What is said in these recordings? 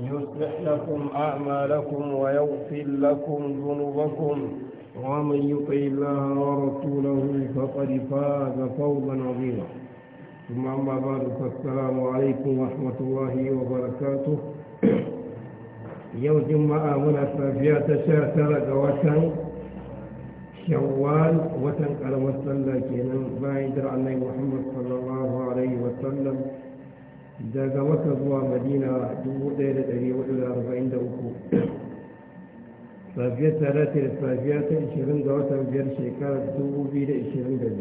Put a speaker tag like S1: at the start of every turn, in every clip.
S1: يصلح لكم أعمالكم ويغفر لكم ذنوبكم ومن يطع الله ورسوله فقد فاز فوزا عظيما ثم أما بعد فالسلام عليكم ورحمة الله وبركاته يوم جمعة من سافية شاتر وتن شوال وتنقل وسلم كينا بايدر عليه محمد صلى الله عليه وسلم daga maka zuwa madina 1443 safiyar talatin safiya ta 20 ga watan biyar shekarar 2022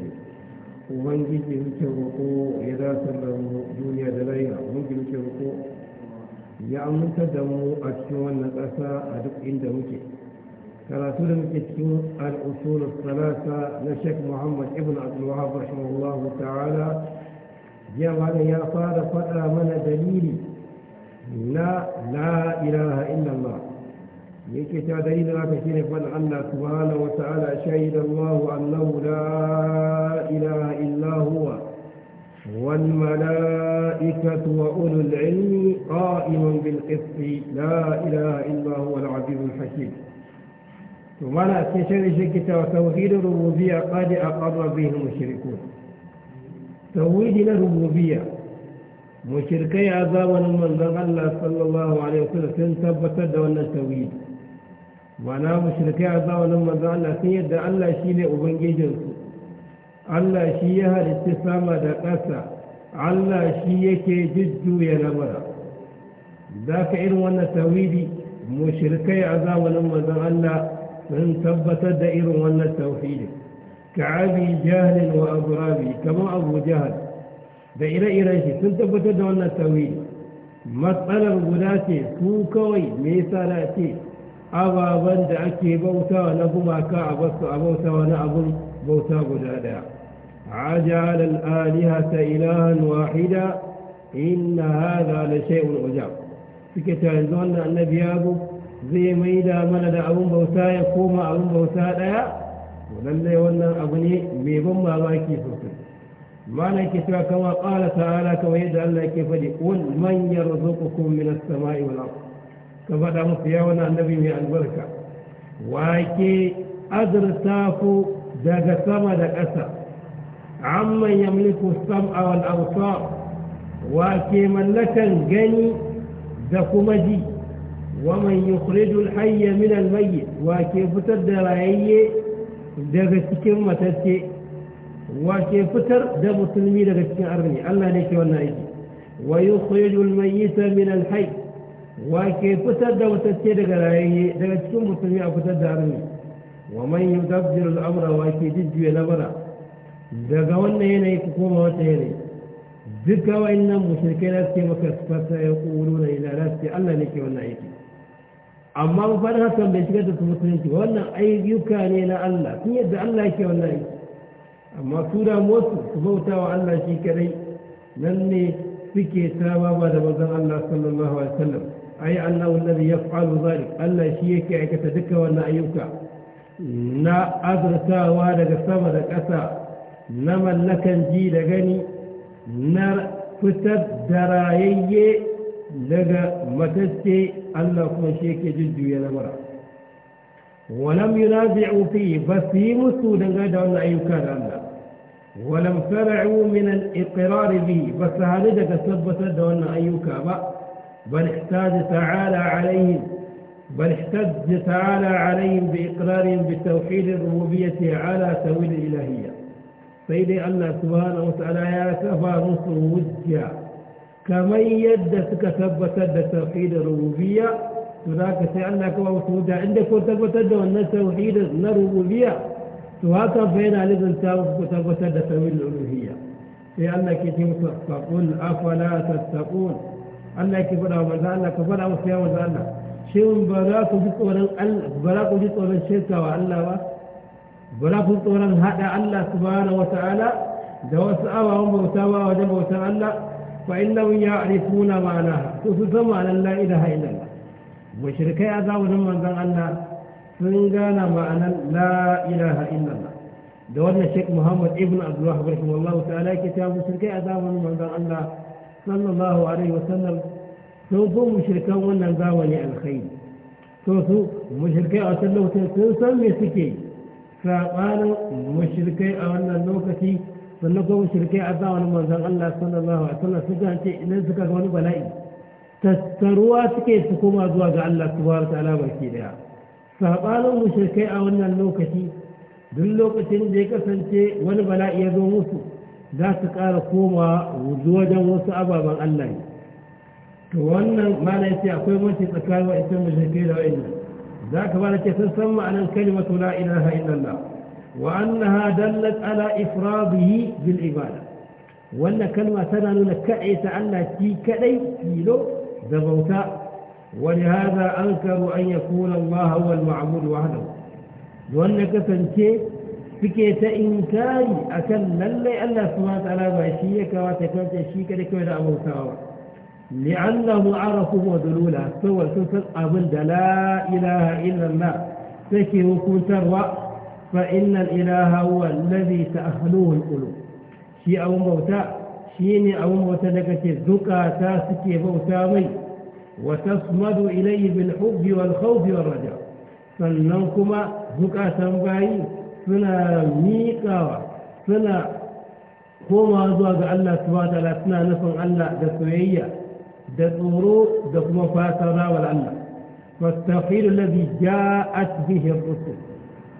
S1: ubangiji muke roƙo ya datar da mu duniya da laila ubangiji muke roƙo ya aminta da mu a cikin wannan ƙasa a duk inda muke karatu da muke cikin al'usul salasa na sheikh muhammad ibn abdul wahab rahimahullahu ta'ala يوم على يا صادق آمن دليلي لا لا إله إلا الله يكي تعدين راكسين فان أن سبحانه وتعالى شهد الله أنه لا إله إلا هو والملائكة وأولو العلم قائم بالقسط لا إله إلا هو العزيز الحكيم ثم لا تشرش كتاب توحيد الربوبية قد أقر به المشركون توحيد الربوبيه ربية مشركي عذابا من ذا الله صلى الله عليه وسلم تنتبت دولا توجد وانا مشركي عذابا من ذا الله سيدا الله شيء لأبنجيجن الله شيء هل اتسامة قاسة الله شيء كجد يا نبرا ذاك إروان توجد مشركي عذابا من ذا الله تنتبت دائر وانا توحيدك كعبي جهل وأبو أبي كما أبو جهل بإلى إليه سنتبت دون التويل مسألة غلاتي سوكوي ميسالاتي أبا بند أكي بوتا لهما كعبس أبو سوانا أبو بوتا غلادا عجل الآلهة إلها واحدة إن هذا لشيء عجاب فكتا لزوانا النبي أبو زي ميدا من أبو بوتا يقوم أبو بوتا lallai wannan abu ne mai ban mamaki sosai malam ke cewa kama ƙara ta'ala kama yadda Allah yake faɗi wal man yarzuqukum min as-sama'i wal ard ka faɗa musu ya wani annabi mai albarka wake azurta ku daga sama da ƙasa amman yamliku sam'a wal absar wake mallakan gani da kuma ji ومن يخرج الحي من الميت وكيف تدرى daga cikin matacce wace fitar da musulmi daga cikin arni Allah ne ke wannan aiki wa yukhrijul mayyita min al-hayy wace fitar da matacce daga rayayye daga cikin musulmi a fitar da arni wa man yudabbiru al-amra wace jijjuya lamara daga wannan yanayi ku koma wata yanayi duka wa'annan mushrikai da suke maka fasa ya ƙuru na ila Allah ne ke wannan aiki amma ba faɗin hakan bai shigar da su musulunci wannan ayyuka ne na Allah sun yadda Allah yake wallahi amma su da motsu su bauta wa Allah shi kadai nan ne suke saba ba da manzon Allah sallallahu alaihi wasallam ai Allah wallazi yaf'alu zalik Allah shi yake aikata duka wannan ayyuka na azurtawa daga sama da ƙasa na mallakan ji da gani na fitar da rayayye لذا متستي الله كما شيك يجد يا مرة ولم ينازعوا فيه بسي مسودا غدا أن أيكار الله ولم فرعوا من الإقرار به بس هالدك تثبت دون أيوكا بل احتاج تعالى عليهم بل احتج تعالى عليهم بإقرارهم بتوحيد الربوبية على سبيل الإلهية سيدي الله سبحانه وتعالى يا كفى نصر وجهه كما يد سك ثبت توحيد الربوبية تراك سألناك وصودا عندك ثبت التوحيد الربوبية تهاتا فين على ذن تاوك ثبت التوحيد الربوبية سألناك يتمسى فقل أفلا تتقون أنك فرع وزعنا كفرع وفيا وزعنا شيء براك وجدت ورن براك وجدت ورن شيء كوا الله براك وجدت ورن هذا الله سبحانه وتعالى دوس أوى أم وتوى ودم وتعالى فإنهم يعرفون معناها تسسم على لا إله إلا الله مشركي أذاب من ذن الله سنغان معنا لا إله إلا الله دولنا الشيخ محمد ابن عبد الله رحمه الله تعالى كتاب مشركي أذاب من ذن الله صلى الله عليه وسلم سوف مشركا وننزاوني الخير سوف مشركي أتلوه تنسان يسكي فقالوا مشركي أولا لوكتي فلنقوم شركي أبا ونمازغ الله صلى الله عليه وسلم سجانتي نزكا قولي بلائي تستروات سكوم أدواغ الله سبحانه وتعالى وكيريا فقالوا مشركي أولنا اللوكتي دلوكتين ديكا سنتي ونبلائي يدو موسو ذات قال قوما وزوجا موسى أبا من الله وأن ما لا يسيء أقوي موسى تكال وإسم الجهدين وإنه ذاك ما لا تسمى على الكلمة لا إله إلا الله وأنها دلت على إفراده بالعبادة وأن كلمة تنال كأيت أن تي كلي كيلو ذبوتا ولهذا أنكروا أن يكون الله هو المعبود وحده وأن تنكي فكيت إنكاري أكن للي ألا على ما بأشيك وتكلت أشيك لك ولا أبو ساوى لأنه عرفوا ودلوله سوى سوى أبو لا إله إلا الله سكي وكون تروى فإن الإله هو الذي تأخلوه القلوب شيء أو موتى شيني أو موتى لك الذكا تاسكي موتا مي وتصمد إليه بالحب والخوف والرجاء فلنكما ذكا تنبعي سنا ميكا سنا كما زوج الله سبحانه وتعالى نفن الله دسوئية دسورو دسمفاتنا والعلا فاستغفر الذي جاءت به الرسل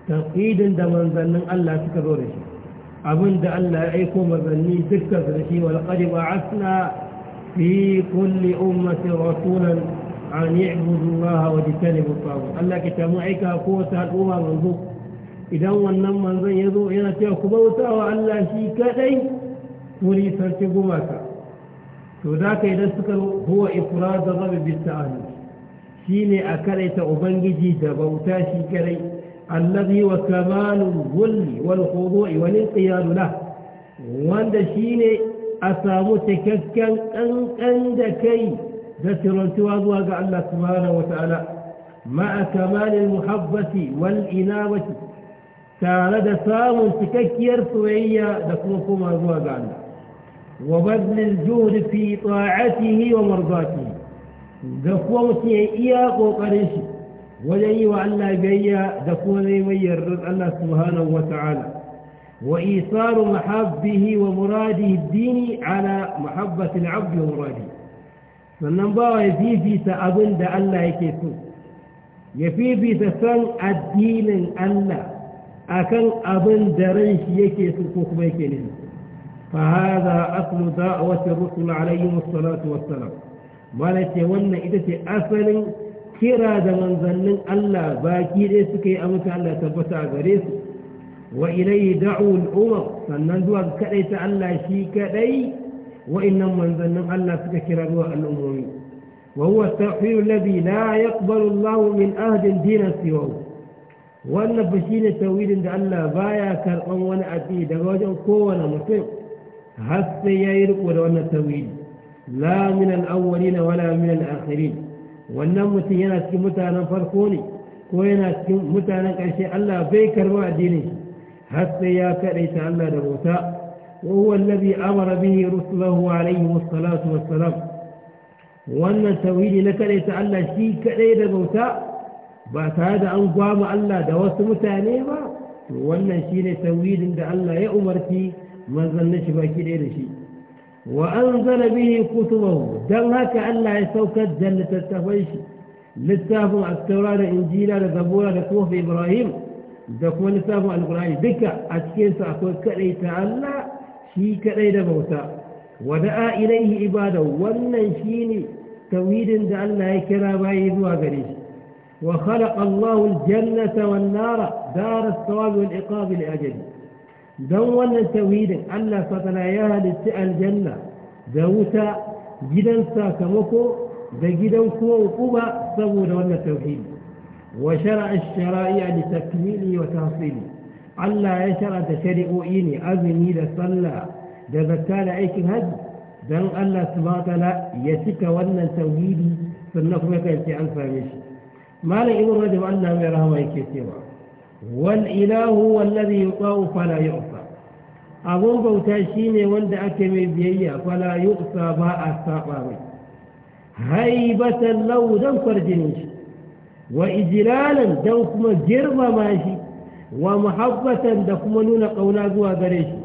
S1: taqidin da manzannin Allah suka zo da shi abin da Allah ya aiko manzanni dukkan su da shi wal qad ba'athna fi kulli ummatin rasulan an ya'budu Allah wa yajtanibu at-taghut Allah ke ta mu aika ko ta al'umma manzo idan wannan manzon ya zo yana cewa ku bautawa Allah shi kadai wuri sarki gumaka to za ka idan suka huwa ifrad da rabi bi ta'ala shine a karaita ubangiji da bauta shi kadai الذي وكمال الظل والخضوع والانقياد له وان دشيني أسامو تككا أنك أندكي ذاتر انتواض واقع الله سبحانه وتعالى مع كمال المحبة والإنابة تالد سام تكك يرسوعي ذاتركم أزواج الله وبذل الجهد في طاعته ومرضاته ذاتركم تيئيا وقريشه وجئي وعلى جئي دكوني ويرد الله سبحانه وتعالى وإيصار محبه ومراده الدين على محبة العبد ومراده فالنباء يفي في تأبند الله كيسو يفي في تسن الدين الله أكن أبند ريش يكيسو كخبيك لهم فهذا أصل دعوة الرسل عليهم الصلاة والسلام ولكن إذا أصل kira da manzannin Allah baki dai suka yi amince Allah tabbata gare su wa ilayhi da'u al-umam sannan zuwa kadai ta Allah shi kadai wa innan manzannin Allah suka kira zuwa al-umumi wa huwa at-tawhid alladhi la yaqbalu Allah min ahdin dinan siwa wannan ba shine tawhidin da Allah baya karban wani abi daga wajen kowane mutum har sai yayi riko da wannan tawhid la min al-awwalin wala min al-akhirin wannan mutum yana cikin mutanen farko ne ko yana cikin mutanen ƙarshe Allah bai karɓa addini har sai ya kaɗaita Allah da bauta wa huwa allazi amara bihi rusuluhu alayhi wassalatu wassalam wannan tauhidi na kaɗaita Allah shi kaɗai da bauta ba tare da an gwama Allah da wasu mutane ba to wannan shine tauhidin da Allah ya umarci manzon shi baki ɗaya da shi وأنزل به كتبه دلها هكا ألا يسوكت جنة التهويش لتافو التوراة إنجيلا لزبورة لكوف إبراهيم دقوا لتافو القرآن بك أتكين سأقول كأي تعالى شي كأي دموتا ودعا إليه عباده ونن شيني توحيد دع الله يكرا بايد وخلق الله الجنة والنار دار الثواب والعقاب لأجله don wannan tawhidin Allah fatala ya halitta aljanna da wuta gidan sakamako da gidan kuma hukuma saboda wannan tauhidi wa shar'a shara'i'a li takmili wa tahsili Allah ya shar'a shari'o'i ne azumi da sallah da zakka da aikin haji dan Allah subhanahu ya cika wannan tauhidi sannan kuma kai ce an same shi malam ibnu rajab Allah mai rahama yake cewa wal ilahu wallazi yuqaw fala yu'fa abun bauta shi ne wanda ake mai biyayya fala yuqsa ba a saba mai haibatan lau don farjinin shi wa ijilalan don kuma girmama shi wa muhabbatan da kuma nuna ƙauna zuwa gare shi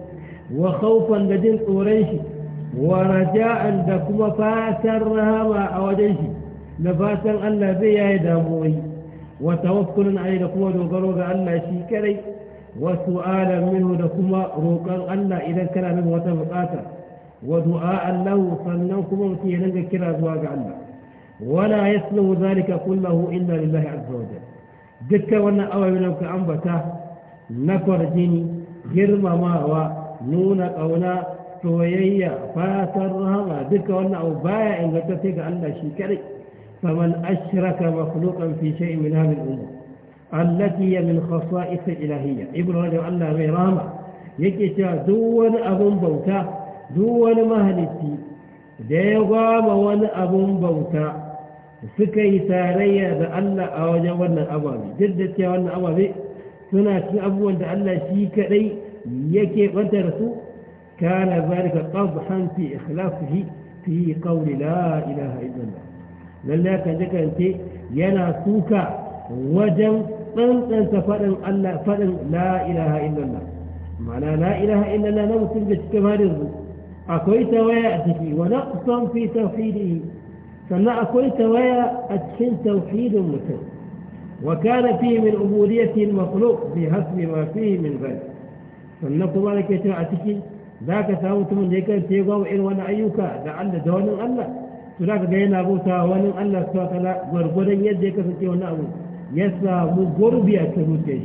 S1: wa khaufan da jin tsoron shi wa raja'an da kuma fatan rahama a wajen shi na fatan Allah zai yaye damuwoyi wa tawakkulun alai da kuma dogaro ga Allah shi kadai وسؤالا منه لكما روقا ألا إذا كان من وتبقاتا ودعاء له صلوكما في لنك كلا أزواج عنا ولا يسلم ذلك كله إلا لله عز وجل دكا وانا أوى منك أنبتا نكر جيني جرم ما هو نون قولا سويا فاترها رهما وانا أو بايا إن قد تتك الله شكري فمن أشرك مخلوقا في شيء من هذه الأمور التي هي من خصائص الإلهية ابن رجب الله من رحمة يكتا دون أبن بوتا دون مهلتي ديغام وان أبن بوتا سكي ساريا بألا الله أوجا وانا أبابي جدت يا وانا أبابي سنة أبوان دا الله شيك لي يكي وانترسو كان ذلك قضحا في إخلاصه في قول لا إله إلا الله لله كان ذكر أنت ينا سوكا وجم tsantsanta faɗin Allah faɗin la ilaha illallah ma'ana la ilaha illallah na mutum da cikin harin zu akwai tawaya a ciki wa naqsan fi tauhidihi sannan akwai tawaya a cikin tauhidin mutum wa kana fi min ubudiyyati al-makhluq bi hasbi ma fihi min ghayr sannan kuma nake cewa a ciki zaka samu mutumin da yake ce gwawo irin wani ayyuka da Allah da wani Allah to zaka ga yana bauta wani Allah subhanahu wa ta'ala gwargwadon yadda ya kasance wani abu يسا مقربي أتبوتيش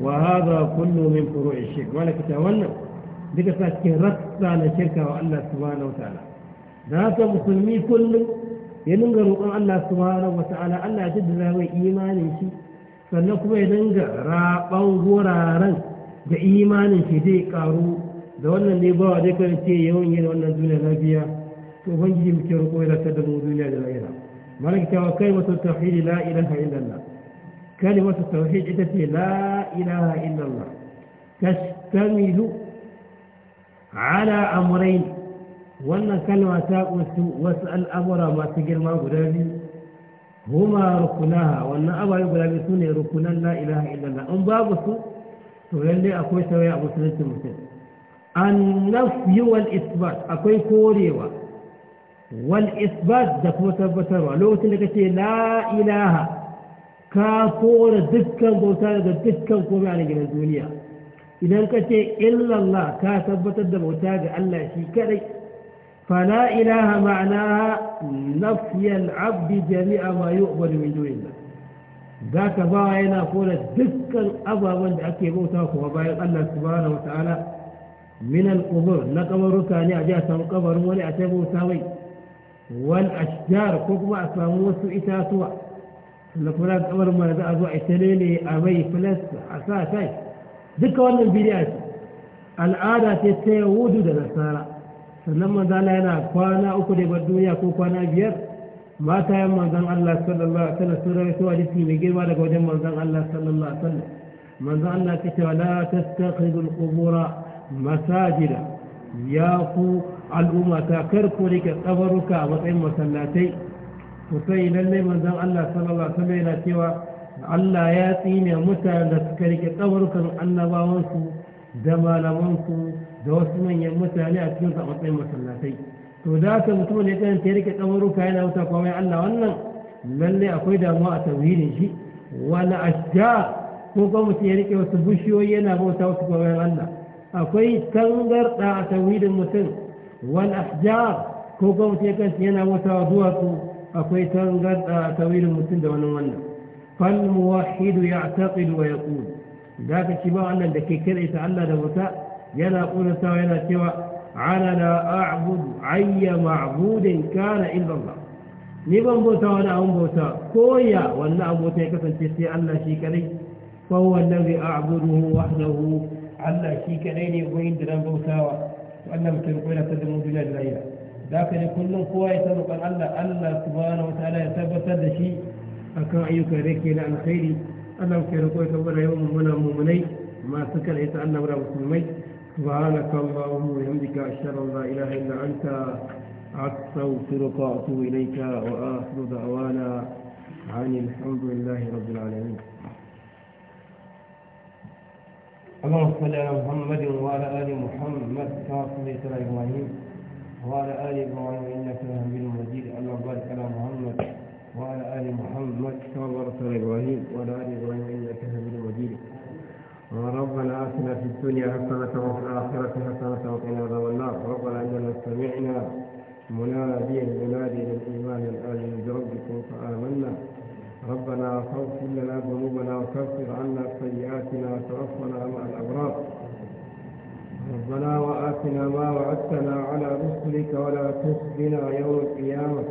S1: وهذا كله من فروع الشرك ولا كتاولنا ذلك فاتكرت على شركة الله سبحانه وتعالى ذات مسلمي كل ينقر الله سبحانه وتعالى الله تدرى وإيمان شيء فلنقوم ينقر راقوا غرارا بإيمان شيء دي قارو دولنا اللي باع ديك ونسي يوم يدولنا الدنيا نبيا فهنجي مكروا قويرا تدموا دنيا جلائنا ملك توكيمة التوحيد لا إله إلا الله كلمة التوحيد عدتي لا إله إلا الله تشتمل على أمرين وأن كلمة تاقوت واسأل أمر ما تجر ما قرابي هما ركناها وأن أبا يقرابي سوني ركنا لا إله إلا الله أم بابسو تولي أكوي سوي أبو سنة المسلم النفي والإثبات أكوي كوريوا والإثبات دكوة بطروا لو تلك لا إله ka fora dukkan bauta daga dukkan komai a nan duniya idan ka ce illallah ka tabbatar da bauta ga Allah shi kadai fala ilaha ma'ana nafiyal abdi jami'a ma yu'badu min dunillah za ba yana kora dukkan ababen da ake bauta kuma bayan Allah subhanahu wata'ala min al-qubur na kabaruka ne a ji a samu kabarin wani a ta bauta mai wal ashjar ko kuma a samu wasu itatuwa da kuma za kamar ma za a zo a ita ne a mai filasta a sa kai duka wannan bidiya ce al'ada ce ta yahudu da nasara sannan manzala yana kwana uku da bar duniya ko kwana biyar mata yan manzan Allah sallallahu alaihi wasallam sun rawaito hadisi mai girma daga wajen manzan Allah sallallahu alaihi wasallam manzan Allah ta ce la tastakhidul qubura masajida ya ku al'umma ta karku rike tsabaruka a matsayin masallatai kusai lallai manzon Allah sallallahu alaihi wasallam yana cewa Allah ya tsine mutanen da suka rike tsawurkan annabawan su da malaman su da wasu manyan mutane a cikin sa matsayin masallatai to da ka mutum ne kan ta rike kaburuka yana wuta kuma mai Allah wannan lalle akwai damuwa a tawhidin shi wala ashja ko kuma mutum ya rike wasu bushiyoyi yana bauta wasu kuma mai Allah akwai tangarda a tawhidin mutum wal ahjar ko kuma mutum ya kan yana bauta duwatsu أكويتان آه، قد أتويل المسند ونوانا فالموحد يعتقد ويقول ذاك الشباء أن لكي كرئي تعالى دوتا يلا قول سوى يلا سوى على لا أعبد أي معبود كان إلا الله نبن بوتا ولا أم بوتا كويا ولا أم بوتا كفن تسي ألا شيكري فهو الذي أعبده وحده ألا شيكري وإن دلن بوتا وأنا متنقل أتدمون دجاج الأيام da haka ne kullum kowa ya ta roƙon Allah Allah subhanahu wa ta'ala ya tabbatar da shi akan ayyuka da yake na alkhairi Allah ke roƙo ya tabbata yawan mummuna mummunai masu kare ta Allah wa musulmai سبحانك اللهم وبحمدك أشهد أن لا إله إلا أنت أستغفرك وأتوب إليك وآخر دعوانا عن الحمد لله رب العالمين اللهم صل على محمد وعلى ال محمد كما صليت على ابراهيم وعلى آل إبراهيم إنك حميد مجيد اللهم بارك على محمد وعلى آل محمد كما بارك على إبراهيم وعلى آل إبراهيم إنك حميد مجيد ربنا آتنا في الدنيا حسنة وفي الآخرة حسنة وقنا عذاب النار ربنا إننا سمعنا مناديا ينادي للإيمان الآمن بربكم فآمنا ربنا فاغفر لنا ذنوبنا وكفر عنا سيئاتنا وتوفنا مع الأبرار ربنا وآتنا ما وعدتنا على رسلك ولا تخزنا يوم القيامة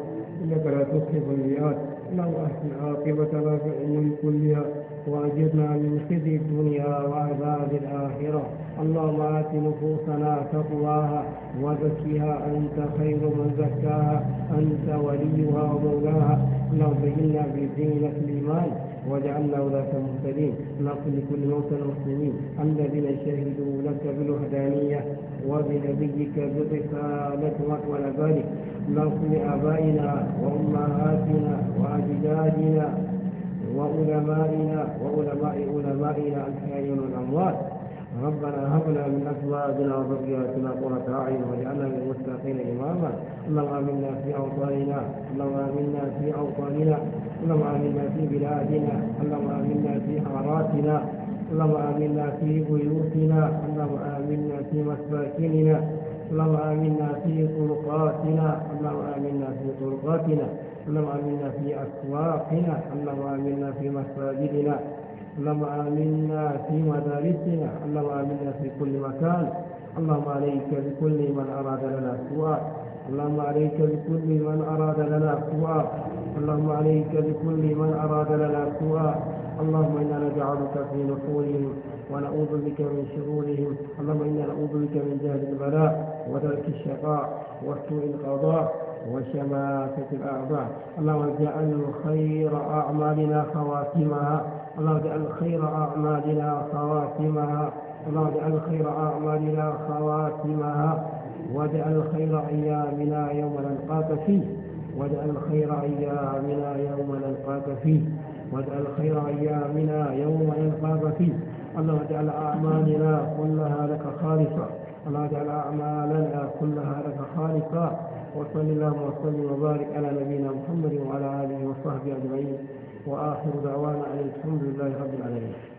S1: إنك لا تخلف الميعاد اللهم أحسن عاقبتنا في الأمور كلها وأجرنا من خزي الدنيا وعذاب الآخرة اللهم آت نفوسنا تقواها وزكها أنت خير من زكاها أنت وليها ومولاها اللهم في زينة الإيمان واجعلنا ولاة مهتدين نصل لكل موتى المسلمين الذين شهدوا لك بالوحدانية وبنبيك برسالة وعلى ذلك نصل آبائنا وأمهاتنا وأجدادنا وعلمائنا وعلماء علمائنا الحيين والأموات ربنا هب لنا من ازواجنا وذرياتنا قرة اعين واجعلنا للمتقين اماما اللهم امنا في اوطاننا اللهم امنا في اوطاننا اللهم امنا في بلادنا اللهم امنا في حاراتنا اللهم امنا في بيوتنا اللهم امنا في مساكننا اللهم امنا في طرقاتنا اللهم امنا في طرقاتنا اللهم امنا في اسواقنا اللهم امنا في مساجدنا اللهم آمنا في مدارسنا اللهم آمنا في كل مكان اللهم عليك بكل من أراد لنا سوء اللهم عليك بكل من أراد لنا سوء اللهم عليك بكل من أراد لنا سوء اللهم إنا نجعلك في نحورهم ونعوذ بك من شرورهم اللهم إنا نعوذ بك من جهل البلاء ودرك الشقاء وسوء القضاء وشماتة الأعضاء اللهم اجعل خير أعمالنا خواتمها اللهم اجعل خير أعمالنا خواتمها اللهم اجعل خير أعمالنا خواتمها واجعل خير أيامنا يوم نلقاك فيه واجعل خير أيامنا يوم نلقاك فيه واجعل خير أيامنا يوم نلقاك فيه اللهم اجعل أعمالنا كلها لك خالصة اللهم اجعل أعمالنا كلها لك خالصة وصلى اللهم وسلم وبارك على نبينا محمد وعلى اله وصحبه اجمعين واخر دعوانا ان الحمد لله رب العالمين